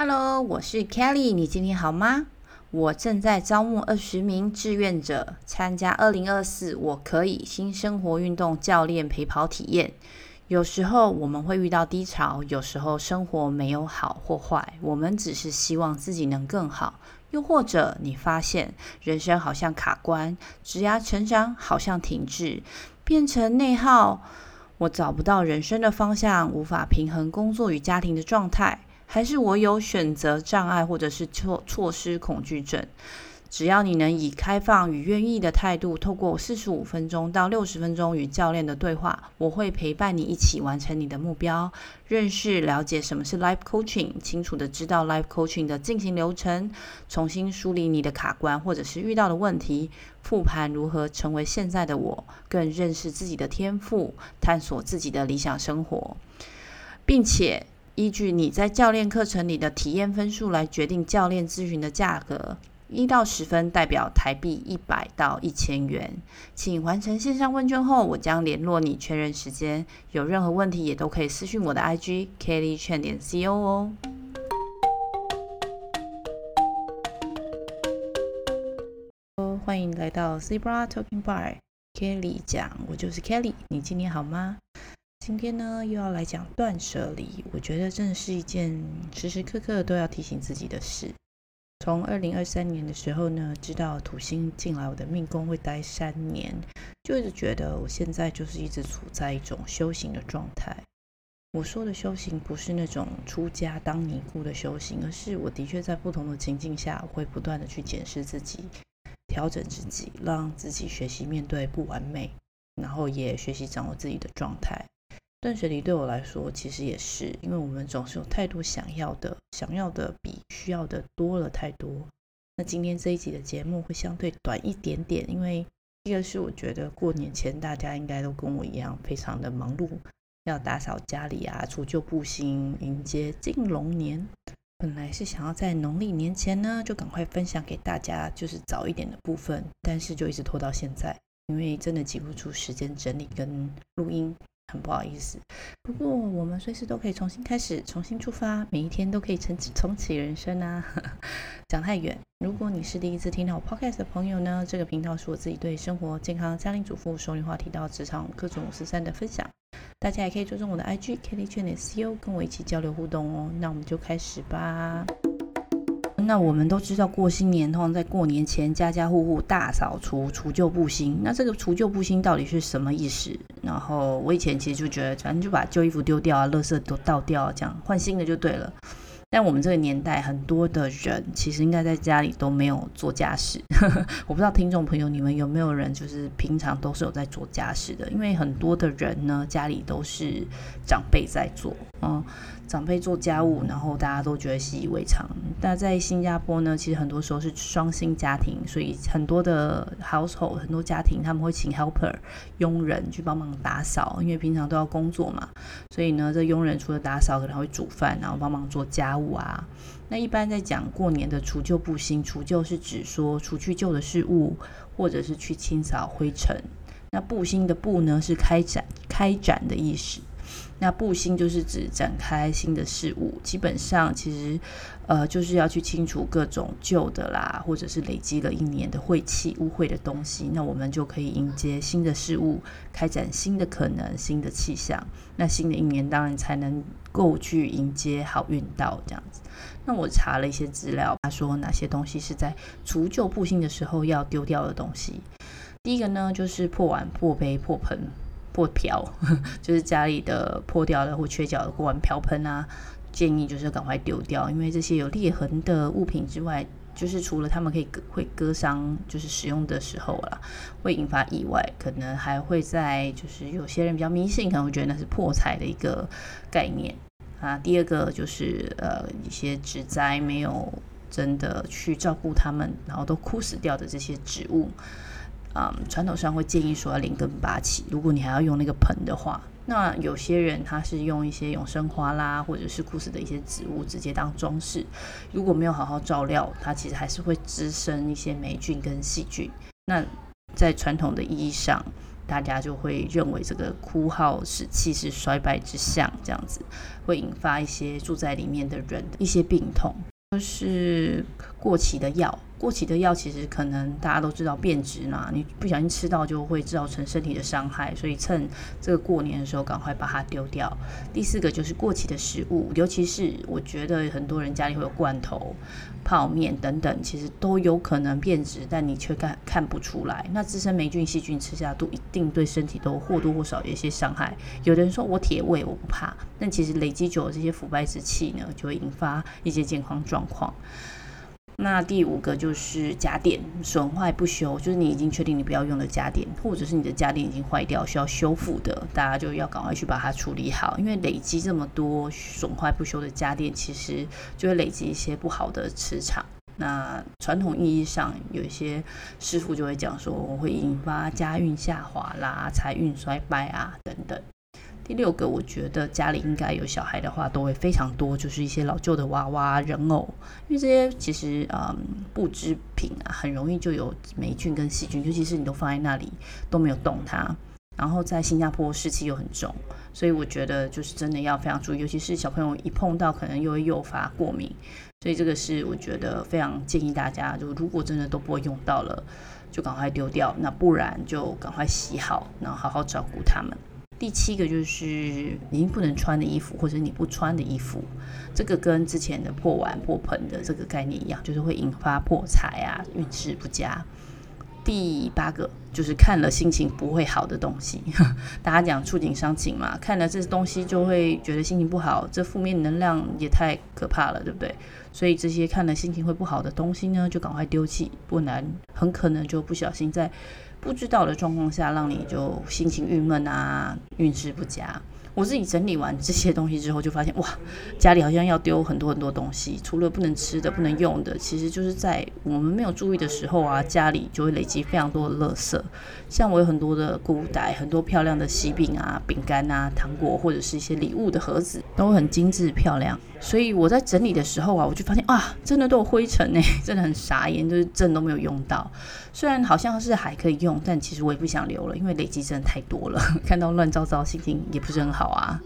哈嘍，Hello, 我是 Kelly。你今天好嗎？我正在招募二十名志願者參加二零二四“我可以新生活”運動教練陪跑體驗。有時候我們會遇到低潮，有時候生活沒有好或壞，我們只是希望自己能更好。又或者你發現人生好像卡關，職涯成長好像停滯，變成內耗。我找不到人生的方向，無法平衡工作與家庭的狀態。還是我有選擇障礙，或者是措措施恐懼症？只要你能以開放與願意的態度，透過四十五分鐘到六十分鐘與教練的對話，我會陪伴你一起完成你的目標，認識了解什麼是 Life Coaching，清楚地知道 Life Coaching 的進行流程，重新梳理你的卡關或者是遇到的問題，復盤如何成為現在的我，更認識自己的天賦，探索自己的理想生活，並且。依據你在教練課程裡的體驗分數來決定教練諮詢的價格，一到十分代表台幣一百到一千元。請完成線上問卷後，我將聯絡你確認時間。有任何問題也都可以私訊我的 IG KellyChen 點 Co 哦。歡迎來到 Zebra Talking Bar，Kelly 講，我就是 Kelly，你今天好嗎？今天呢，又要來講斷捨離。我覺得真的是一件時時刻刻都要提醒自己的事。從二零二三年的時候呢，知道土星進來我的命宮會待三年，就一直覺得我現在就是一直處在一種修行的狀態。我說的修行，不是那種出家當尼姑的修行，而是我的確在不同的情境下，我會不斷的去檢視自己，調整自己，讓自己學習面對不完美，然後也學習掌握自己的狀態。斷捨離對我來說，其實也是，因為我們總是有太多想要的，想要的比需要的多了太多。那今天這一集的節目會相對短一點點，因為一個是我覺得過年前大家應該都跟我一樣非常的忙碌，要打掃家裡啊，除舊佈新，迎接金龍年。本來是想要在農曆年前呢就趕快分享給大家，就是早一點的部分，但是就一直拖到現在，因為真的擠不出時間整理跟錄音。很不好意思，不過我們隨時都可以重新開始，重新出發，每一天都可以重啟重啟人生啊！ 講太遠。如果你是第一次聽到我 podcast 的朋友呢，這個頻道是我自己對生活、健康、家庭主婦、熟女話題到職場各種事事的分享。大家也可以追蹤我的 IG KellyChen.co，跟我一起交流互動哦。那我們就開始吧。那我們都知道，過新年，通常在過年前，家家戶戶大掃除，除舊佈新。那這個除舊佈新到底是什麼意思？然後我以前其實就覺得，反正就把舊衣服丟掉啊，垃圾都倒掉啊，這樣換新的就對了。但我們這個年代，很多的人其實應該在家裡都沒有做家事。 我不知道聽眾朋友你們有沒有人，就是平常都是有在做家事的。因為很多的人呢，家裡都是長輩在做，嗯，長輩做家務，然後大家都覺得習以為常。但在新加坡呢，其實很多時候是雙薪家庭，所以很多的 household，很多家庭他們會請 helper，傭人去幫忙打掃，因為平常都要工作嘛。所以呢，這傭人除了打掃，可能會煮飯，然後幫忙做家務。啊，那一般在講過年的除舊佈新，除舊是指說除去舊的事物，或者是去清掃灰塵。那佈新的佈呢，是開展開展的意思。那佈新就是指展開新的事物，基本上其實，呃，就是要去清除各種舊的啦，或者是累積了一年的晦氣、污穢的東西。那我們就可以迎接新的事物，開展新的可能、新的氣象。那新的一年當然才能夠去迎接好運到這樣子。那我查了一些資料，他說哪些東西是在除舊佈新的時候要丟掉的東西。第一個呢，就是破碗、破杯、破盆、破瓢就是家裡的破掉的或缺角的鍋碗瓢盆啊，建議就是趕快丟掉，因為這些有裂痕的物品之外，就是除了他們可以割、會割傷，就是使用的時候啦，會引發意外，可能還會在就是有些人比較迷信，可能會覺得那是破財的一個概念啊。第二個就是呃一些植栽沒有真的去照顧他們，然後都枯死掉的這些植物。嗯，傳統上會建議說要連根拔起。如果你還要用那個盆的話，那有些人他是用一些永生花啦，或者是枯死的一些植物直接當裝飾。如果沒有好好照料，它其實還是會滋生一些霉菌跟細菌。那在傳統的意義上，大家就會認為這個枯槁使氣是氣勢衰敗之象，這樣子會引發一些住在裡面的人的一些病痛。就是。過期的藥，過期的藥其實可能大家都知道變質嘛，你不小心吃到就會造成身體的傷害，所以趁這個過年的時候趕快把它丟掉。第四個就是過期的食物，尤其是我覺得很多人家裡會有罐頭、泡麵等等，其實都有可能變質，但你卻看看不出來。那滋生霉菌細菌，吃下肚一定對身體都或多或少有一些傷害。有的人說我鐵胃，我不怕，但其實累積久了這些腐敗之氣呢，就會引發一些健康狀況。那第五個就是家電損壞不修，就是你已經確定你不要用的家電，或者是你的家電已經壞掉需要修復的，大家就要趕快去把它處理好，因為累積這麼多損壞不修的家電，其實就會累積一些不好的磁場。那傳統意義上，有一些師傅就會講說，我會引發家運下滑啦、財運衰敗啊等等。第六個，我覺得家裡應該有小孩的話，都會非常多，就是一些老舊的娃娃、人偶，因為這些其實嗯，布織品啊，很容易就有霉菌跟細菌，尤其是你都放在那裡都沒有動它，然後在新加坡濕氣又很重，所以我覺得就是真的要非常注意，尤其是小朋友一碰到，可能又會誘發過敏，所以這個是我覺得非常建議大家，就如果真的都不會用到了，就趕快丟掉，那不然就趕快洗好，然後好好照顧他們。第七個就是已經不能穿的衣服，或者是你不穿的衣服，這個跟之前的破碗破盆的這個概念一樣，就是會引發破財啊，運勢不佳。第八個就是看了心情不會好的東西，大家講觸景傷情嘛，看了這些東西就會覺得心情不好，這負面能量也太可怕了，對不對？所以這些看了心情會不好的東西呢，就趕快丟棄，不然很可能就不小心在。不知道的狀況下，讓你就心情鬱悶啊，運勢不佳。我自己整理完這些東西之後，就發現哇，家裡好像要丟很多很多東西。除了不能吃的、不能用的，其實就是在我們沒有注意的時候啊，家裡就會累積非常多的垃圾。像我有很多的購物袋，很多漂亮的喜餅啊、餅乾啊、糖果或者是一些禮物的盒子，都很精緻漂亮。所以我在整理的時候啊，我就發現哇、啊，真的都有灰塵呢、欸，真的很傻眼，就是真都沒有用到。雖然好像是還可以用，但其實我也不想留了，因為累積真的太多了，看到亂糟糟，心情也不是很好。好啊，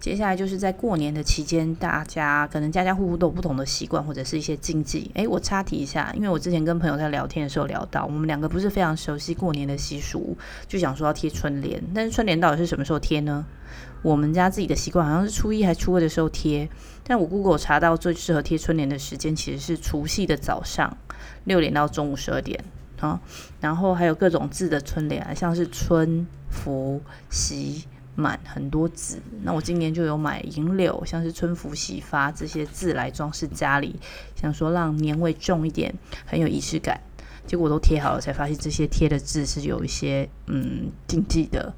接下來就是在過年的期間，大家可能家家戶戶都有不同的習慣，或者是一些禁忌。誒，我岔題一下，因為我之前跟朋友在聊天的時候聊到，我們兩個不是非常熟悉過年的習俗，就想說要貼春聯。但是春聯到底是什麼時候貼呢？我們家自己的習慣好像是初一還是初二的時候貼，但我 Google 查到最適合貼春聯的時間其實是除夕的早上六點到中午十二點。然後還有各種字的春聯，像是春福喜滿，很多字。那我今年就有買銀柳，像是春福喜發這些字來裝飾家裡，想說讓年味重一點，很有儀式感。結果都貼好了，才發現這些貼的字是有一些嗯禁忌的。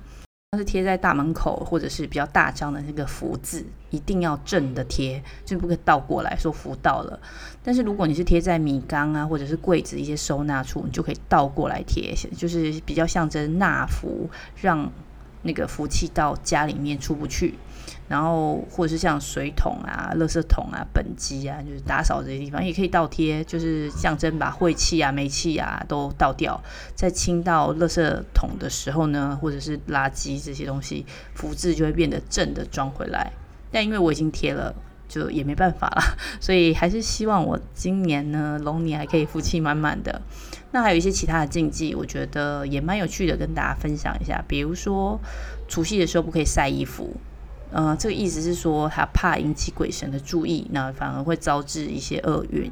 是貼在大門口或者是比較大張的那個福字，一定要正的貼，就不可以倒過來說福到了。但是如果你是貼在米缸啊或者是櫃子一些收納處，你就可以倒過來貼，就是比較象徵納福，讓。那個福氣到家裡面出不去，然後或者是像水桶啊、垃圾桶啊、畚箕啊，就是打掃這些地方也可以倒貼，就是象徵把晦氣啊、霉氣啊都倒掉。在清到垃圾桶的時候呢，或者是垃圾這些東西，福字就會變得正的裝回來。但因為我已經貼了，就也沒辦法了，所以還是希望我今年呢，龍年還可以福氣滿滿的。那還有一些其他的禁忌，我覺得也蠻有趣的，跟大家分享一下。比如說，除夕的時候不可以曬衣服，呃，這個意思是說，他怕引起鬼神的注意，那反而會招致一些厄運。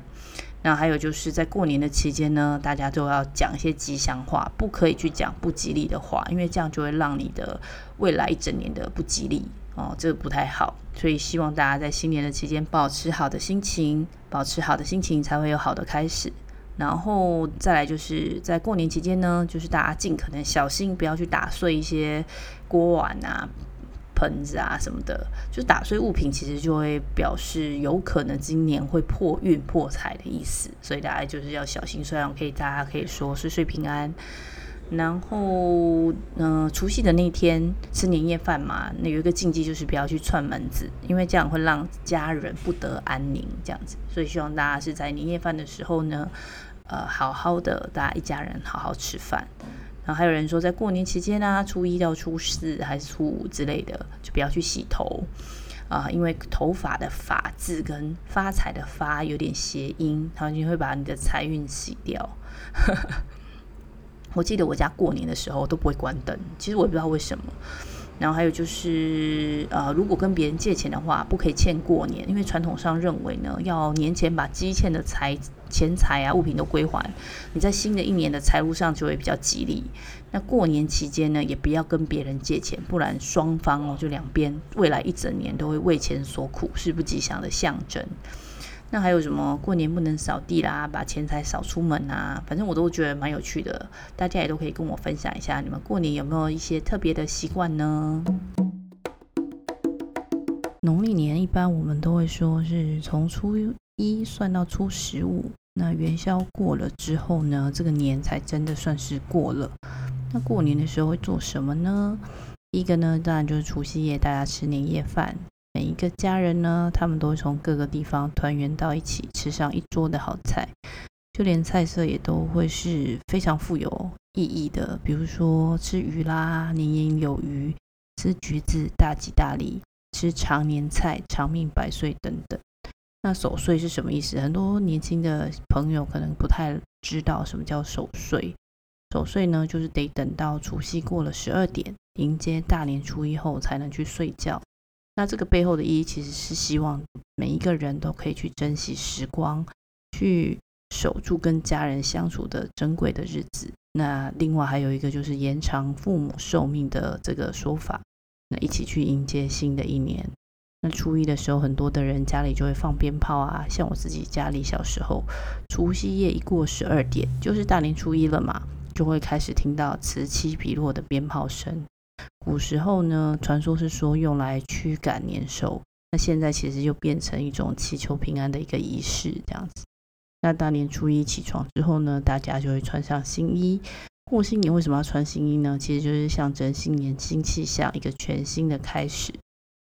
那還有就是在過年的期間呢，大家都要講一些吉祥話，不可以去講不吉利的話，因為這樣就會讓你的未來一整年的不吉利哦，這個不太好。所以希望大家在新年的期間保持好的心情，保持好的心情才會有好的開始。然後再來就是在過年期間呢，就是大家盡可能小心，不要去打碎一些鍋碗啊、盆子啊什麼的。就打碎物品，其實就會表示有可能今年會破運破財的意思，所以大家就是要小心。雖然我可以大家可以說歲歲平安。然後，嗯、呃，除夕的那天吃年夜飯嘛，那有一個禁忌就是不要去串門子，因為這樣會讓家人不得安寧，這樣子。所以希望大家是在年夜飯的時候呢，呃，好好的大家一家人好好吃飯。然後還有人說，在過年期間呢、啊，初一到初四還是初五之類的，就不要去洗頭啊、呃，因為頭髮的髮字跟發財的發有點諧音，然後就會把你的財運洗掉。 我記得我家過年的時候都不會關燈，其實我也不知道為什麼。然後還有就是，呃，如果跟別人借錢的話，不可以欠過年，因為傳統上認為呢，要年前把積欠的財錢財啊、物品都歸還，你在新的一年的財路上就會比較吉利。那過年期間呢，也不要跟別人借錢，不然雙方哦就兩邊未來一整年都會為錢所苦，是不吉祥的象徵。那還有什麼過年不能掃地啦，把錢財掃出門啊，反正我都覺得蠻有趣的。大家也都可以跟我分享一下，你們過年有沒有一些特別的習慣呢？農曆年一般我們都會說是從初一算到初十五，那元宵過了之後呢，這個年才真的算是過了。那過年的時候會做什麼呢？一個呢，當然就是除夕夜，大家吃年夜飯。每一個家人呢，他們都會從各個地方團圓到一起，吃上一桌的好菜，就連菜色也都會是非常富有意義的。比如說吃魚啦，年年有餘；吃橘子，大吉大利；吃長年菜，長命百歲等等。那守歲是什麼意思？很多年輕的朋友可能不太知道什麼叫守歲。守歲呢，就是得等到除夕過了十二點，迎接大年初一後才能去睡覺。那這個背後的意義，其實是希望每一個人都可以去珍惜時光，去守住跟家人相處的珍貴的日子。那另外還有一個就是延長父母壽命的這個說法。那一起去迎接新的一年。那初一的時候，很多的人家裡就會放鞭炮啊。像我自己家裡小時候，除夕夜一過十二點，就是大年初一了嘛，就會開始聽到此起彼落的鞭炮聲。古時候呢，傳說是說用來驅趕年獸。那現在其實就變成一種祈求平安的一個儀式，這樣子。那大年初一起床之後呢，大家就會穿上新衣。過新年為什麼要穿新衣呢？其實就是象徵新年新氣象，一個全新的開始。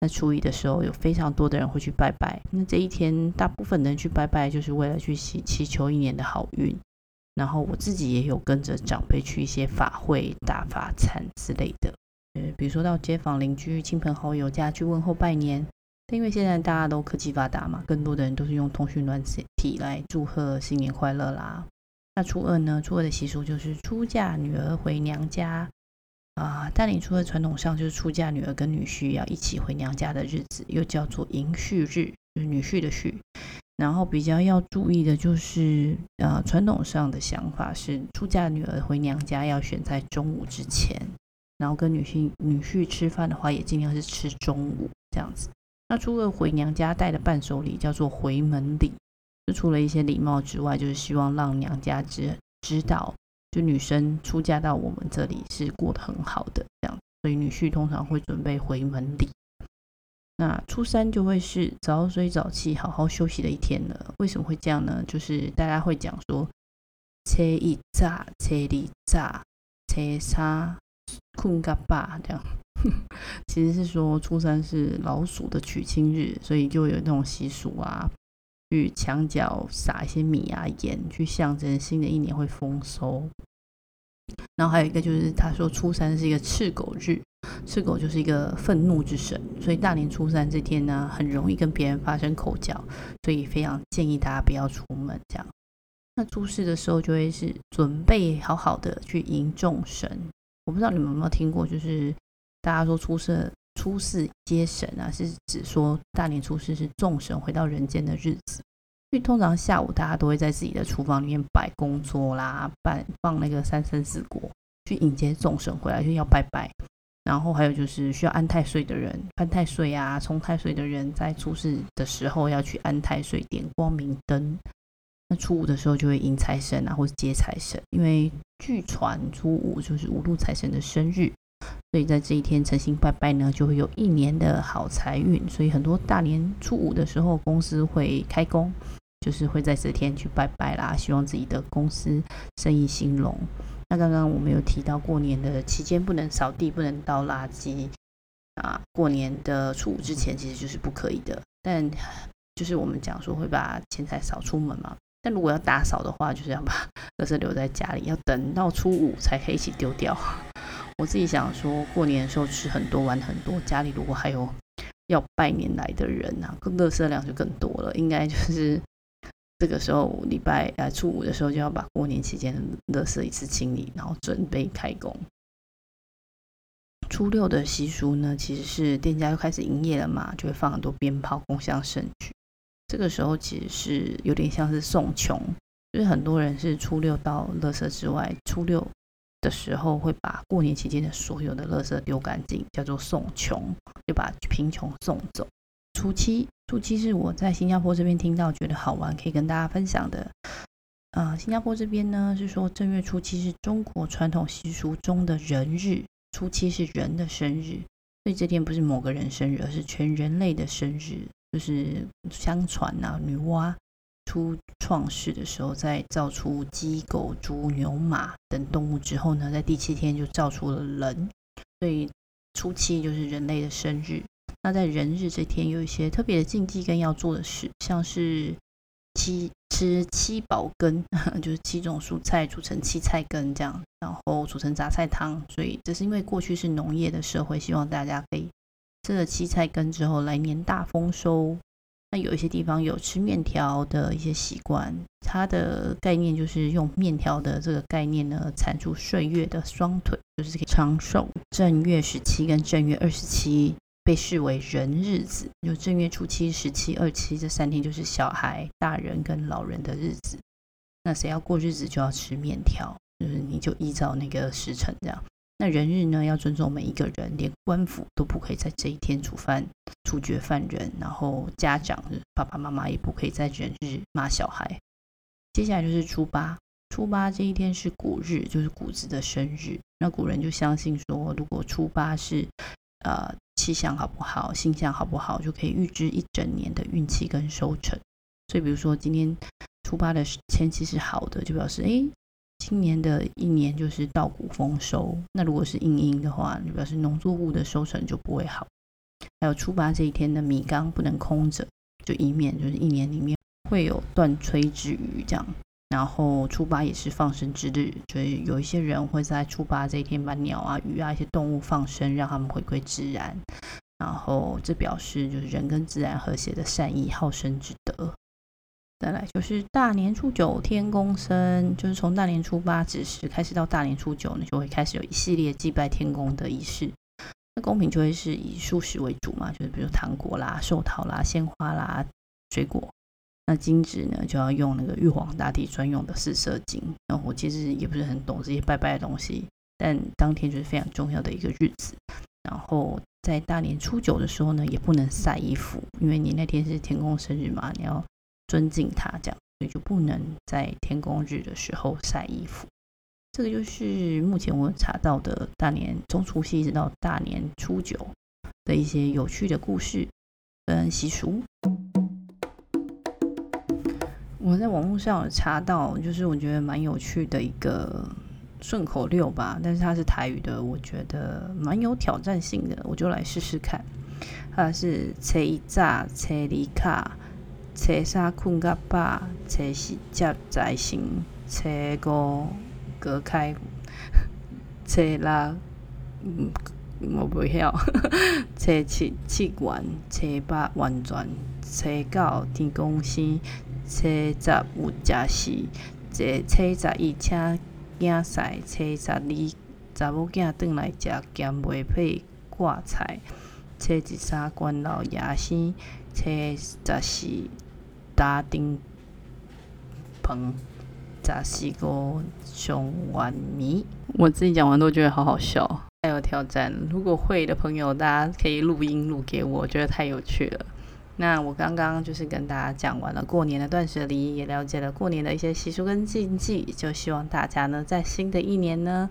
那初一的時候，有非常多的人會去拜拜。那這一天，大部分人去拜拜，就是為了去祈祈求一年的好運。然後我自己也有跟着長輩去一些法會、打法懺之類的。比如說到街坊鄰居、親朋好友家去問候拜年，但因為現在大家都科技發達嘛，更多的人都是用通訊軟體來祝賀新年快樂啦。那初二呢？初二的習俗就是出嫁女兒回娘家啊。呃，大年初二的傳統上就是出嫁女兒跟女婿要一起回娘家的日子，又叫做迎婿日，就是女婿的婿。然後比較要注意的就是，呃，傳統上的想法是出嫁女兒回娘家要選在中午之前。然後跟女婿、女婿吃飯的話，也盡量是吃中午這樣子。那除了回娘家帶的伴手禮叫做回門禮，就除了一些禮貌之外，就是希望讓娘家知知道，就女生出嫁到我們這裡是過得很好的這樣子。所以女婿通常會準備回門禮。那初三就會是早睡早起好好休息的一天了。為什麼會這樣呢？就是大家會講說，車一炸，車離炸，車殺。睏甲飽這樣，其實是說初三是老鼠的娶親日，所以就有那種習俗啊，去牆角撒一些米啊鹽，去象徵新的一年會豐收。然後還有一個就是，他說初三是一個赤狗日，赤狗就是一個憤怒之神，所以大年初三這天呢，很容易跟別人發生口角，所以非常建議大家不要出門。這樣，那初四的時候就會是準備好好的去迎眾神。我不知道你們有沒有聽過，就是大家說初四初四，接神啊，是指說大年初四是眾神回到人間的日子，所以通常下午大家都會在自己的廚房裡面擺供桌啦，擺放那個三牲四果去迎接眾神回來，就要拜拜。然後還有就是需要安太歲的人，安太歲啊，沖太歲的人，在初四的時候要去安太歲，點光明燈。那初五的時候就會迎財神啊，或者接財神，因為據傳初五就是五路財神的生日，所以在這一天誠心拜拜呢，就會有一年的好財運。所以很多大年初五的時候，公司會開工，就是會在這天去拜拜啦，希望自己的公司生意興隆。那剛剛我們有提到過年的期間不能掃地、不能倒垃圾啊，過年的初五之前其實就是不可以的，但就是我們講說會把錢財掃出門嘛。但如果要打掃的話，就是要把垃圾留在家裡，要等到初五才可以一起丟掉。我自己想說，過年的時候吃很多，玩很多，家裡如果還有要拜年來的人吶、啊，垃圾量就更多了。應該就是這個時候，禮拜呃、啊、初五的時候，就要把過年期間的垃圾一次清理，然後準備開工。初六的習俗呢，其實是店家又開始營業了嘛，就會放很多鞭炮工盛，共襄盛舉。這個時候其實是有點像是送窮，就是很多人是初六到垃圾之外，初六的時候會把過年期間的所有的垃圾丟乾淨，叫做送窮，就把貧窮送走。初七，初七是我在新加坡這邊聽到覺得好玩，可以跟大家分享的。呃，新加坡這邊呢是說正月初七是中國傳統習俗中的人日，初七是人的生日，所以這天不是某個人生日，而是全人類的生日。就是相傳吶，女媧初創世的時候，在造出雞、狗、豬、牛、馬等動物之後呢，在第七天就造出了人，所以初七就是人類的生日。那在人日這天，有一些特別的禁忌跟要做的事，像是七吃七寶羹，就是七種蔬菜煮成七菜羹這樣，然後煮成雜菜湯。所以這是因為過去是農業的社會，希望大家可以。吃了七菜羹之後，來年大豐收。那有一些地方有吃麵條的一些習慣，它的概念就是用麵條的這個概念呢，纏住歲月的雙腿，就是可以長壽。正月十七跟正月二十七被視為人日子，就正月初七、十七、二十七這三天就是小孩、大人跟老人的日子。那誰要過日子就要吃麵條，就是你就依照那個時辰這樣。那人日呢，要尊重每一個人，連官府都不可以在這一天處犯處決犯人，然後家長爸爸媽媽也不可以在人日罵小孩。接下來就是初八，初八這一天是穀日，就是穀子的生日。那古人就相信說，如果初八是呃氣象好不好、星象好不好，就可以預知一整年的運氣跟收成。所以，比如說今天初八的天氣是好的，就表示哎。誒今年的一年就是稻穀豐收，那如果是陰陰的話，表示農作物的收成就不會好。還有初八這一天的米缸不能空着，就以免就是一年裡面會有斷炊之虞。這樣，然後初八也是放生之日，所、就、以、是、有一些人會在初八這一天把鳥啊、魚啊一些動物放生，讓他們回歸自然。然後這表示就是人跟自然和諧的善意，好生之德。再來就是大年初九天公生，就是從大年初八子時開始到大年初九呢，就會開始有一系列祭拜天公的儀式。那供品就會是以素食為主嘛，就是比如糖果啦、壽桃啦、鮮花啦、水果。那金紙呢，就要用那個玉皇大帝專用的四色金。那我其實也不是很懂這些拜拜的東西，但當天就是非常重要的一個日子。然後在大年初九的時候呢，也不能曬衣服，因為你那天是天公生日嘛，你要。尊敬他，這樣，所以就不能在天公日的時候曬衣服。這個就是目前我查到的大年從除夕一直到大年初九的一些有趣的故事跟習俗。嗯、我在網絡上有查到，就是我覺得蠻有趣的一個順口溜吧，但是它是台語的，我覺得蠻有挑戰性的，我就來試試看。它是切炸切里卡。初三睏甲飽，初四接財神，初五隔開，初六、嗯、我袂曉，初七七元，初八完全，初九天公生，初十有食實，坐初十，初十一請囝婿，初十二查某囝轉來食鹹，糜配芥菜，初十三關老爺生，初十四。搭登棚，扎西鍋熊碗面。五五我自己講完都覺得好好笑，太有挑戰。如果會的朋友，大家可以錄音錄給我，我覺得太有趣了。那我剛剛就是跟大家講完了過年的斷捨離，也了解了過年的一些習俗跟禁忌。就希望大家呢，在新的一年呢。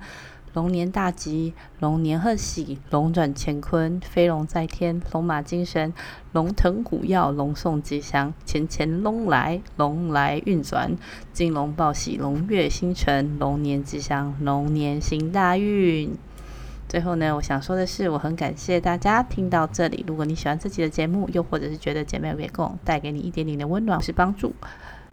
龍年大吉，龍年賀喜，龍轉乾坤，飛龍在天，龍馬精神，龍騰虎躍，龍送吉祥，錢錢龍來，龍來運轉，金龍報喜，龍月星辰，龍年吉祥，龍年行大運。最後呢，我想說的是，我很感謝大家聽到這裡。如果你喜歡這期的節目，又或者是覺得姐妹有給共帶給你一點點的溫暖或是幫助。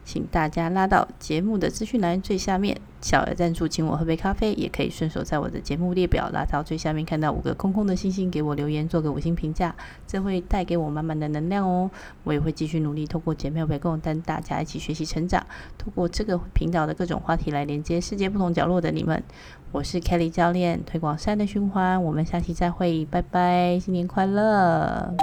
請大家拉到節目的資訊欄最下面，小額贊助請我喝杯咖啡，也可以順手在我的節目列表拉到最下面，看到五個空空的星星，給我留言，做個五星評價，這會帶給我滿滿的能量哦。我也會繼續努力，透過節目推廣，帶大家一起學習成長，透過這個頻道的各種話題來連接世界不同角落的你們。我是 Kelly 教練，推廣善的循環。我們下期再會，拜拜，新年快樂。